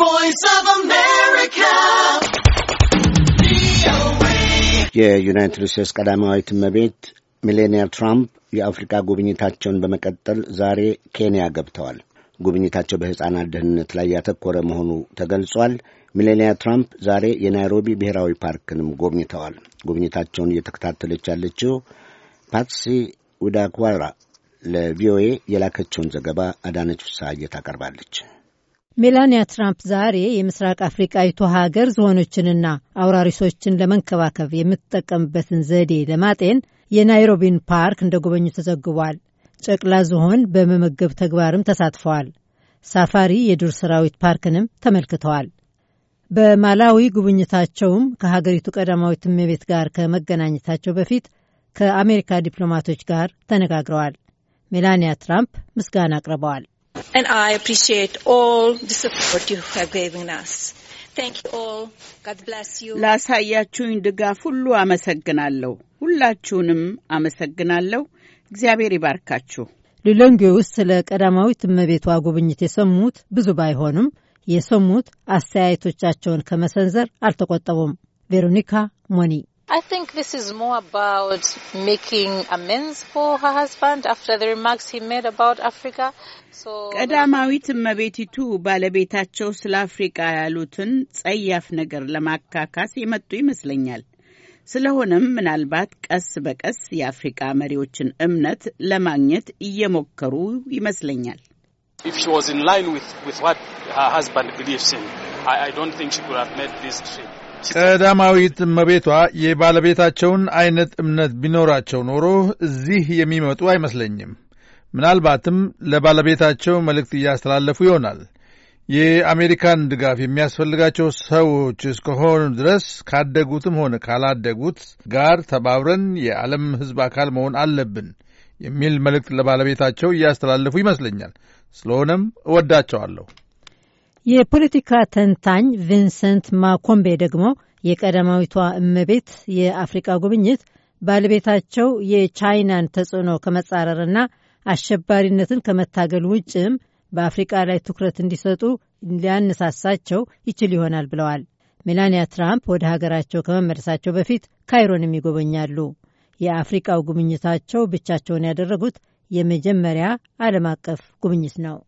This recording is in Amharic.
voice of America. የዩናይትድ ስቴትስ ቀዳማዊት እመቤት ሚሌኒያ ትራምፕ የአፍሪካ ጉብኝታቸውን በመቀጠል ዛሬ ኬንያ ገብተዋል። ጉብኝታቸው በሕፃናት ደህንነት ላይ ያተኮረ መሆኑ ተገልጿል። ሚሌኒያ ትራምፕ ዛሬ የናይሮቢ ብሔራዊ ፓርክንም ጎብኝተዋል። ጉብኝታቸውን እየተከታተለች ያለችው ፓትሲ ውዳኳራ ለቪኦኤ የላከችውን ዘገባ አዳነች ፍስሐ ታቀርባለች። ሜላንያ ትራምፕ ዛሬ የምስራቅ አፍሪቃዊቱ ሀገር ዝሆኖችንና አውራሪሶችን ለመንከባከብ የምትጠቀምበትን ዘዴ ለማጤን የናይሮቢን ፓርክ እንደ ጎበኙ ተዘግቧል። ጨቅላ ዝሆን በመመገብ ተግባርም ተሳትፈዋል። ሳፋሪ የዱር ሰራዊት ፓርክንም ተመልክተዋል። በማላዊ ጉብኝታቸውም ከሀገሪቱ ቀዳማዊት እመቤት ጋር ከመገናኘታቸው በፊት ከአሜሪካ ዲፕሎማቶች ጋር ተነጋግረዋል። ሜላንያ ትራምፕ ምስጋና አቅርበዋል። And I appreciate all the support you have given us. Thank you all. God bless you. ላሳያችሁኝ ድጋፍ ሁሉ አመሰግናለሁ። ሁላችሁንም አመሰግናለሁ። እግዚአብሔር ይባርካችሁ። ሊሎንጌ ውስጥ ስለ ቀዳማዊት እመቤቷ ጉብኝት የሰሙት ብዙ ባይሆንም የሰሙት አስተያየቶቻቸውን ከመሰንዘር አልተቆጠቡም። ቬሮኒካ ሞኒ I think this is more about making amends for her husband after the remarks he made about Africa. ቀዳማዊት እመቤቲቱ ባለቤታቸው ስለ አፍሪቃ ያሉትን ጸያፍ ነገር ለማካካስ የመጡ ይመስለኛል። ስለሆነም ምናልባት ቀስ በቀስ የአፍሪቃ መሪዎችን እምነት ለማግኘት እየሞከሩ ይመስለኛል። ኢፍ ሺ ዋዝ ኢን ላይን ዊዝ ዋት ሀር ሀዝባንድ ቢሊቭስ ኢን አይ ዶንት ቲንክ ሺ ኩድ ሃቭ ቀዳማዊት እመቤቷ የባለቤታቸውን አይነት እምነት ቢኖራቸው ኖሮ እዚህ የሚመጡ አይመስለኝም። ምናልባትም ለባለቤታቸው መልእክት እያስተላለፉ ይሆናል። የአሜሪካን ድጋፍ የሚያስፈልጋቸው ሰዎች እስከሆኑ ድረስ ካደጉትም ሆነ ካላደጉት ጋር ተባብረን የዓለም ሕዝብ አካል መሆን አለብን የሚል መልእክት ለባለቤታቸው እያስተላለፉ ይመስለኛል። ስለሆነም እወዳቸዋለሁ። የፖለቲካ ተንታኝ ቪንሰንት ማኮምቤ ደግሞ የቀዳማዊቷ እመቤት የአፍሪቃ ጉብኝት ባለቤታቸው የቻይናን ተጽዕኖ ከመጻረርና አሸባሪነትን ከመታገል ውጭም በአፍሪቃ ላይ ትኩረት እንዲሰጡ ሊያነሳሳቸው ይችል ይሆናል ብለዋል። ሜላንያ ትራምፕ ወደ ሀገራቸው ከመመለሳቸው በፊት ካይሮንም ይጎበኛሉ። የአፍሪቃው ጉብኝታቸው ብቻቸውን ያደረጉት የመጀመሪያ ዓለም አቀፍ ጉብኝት ነው።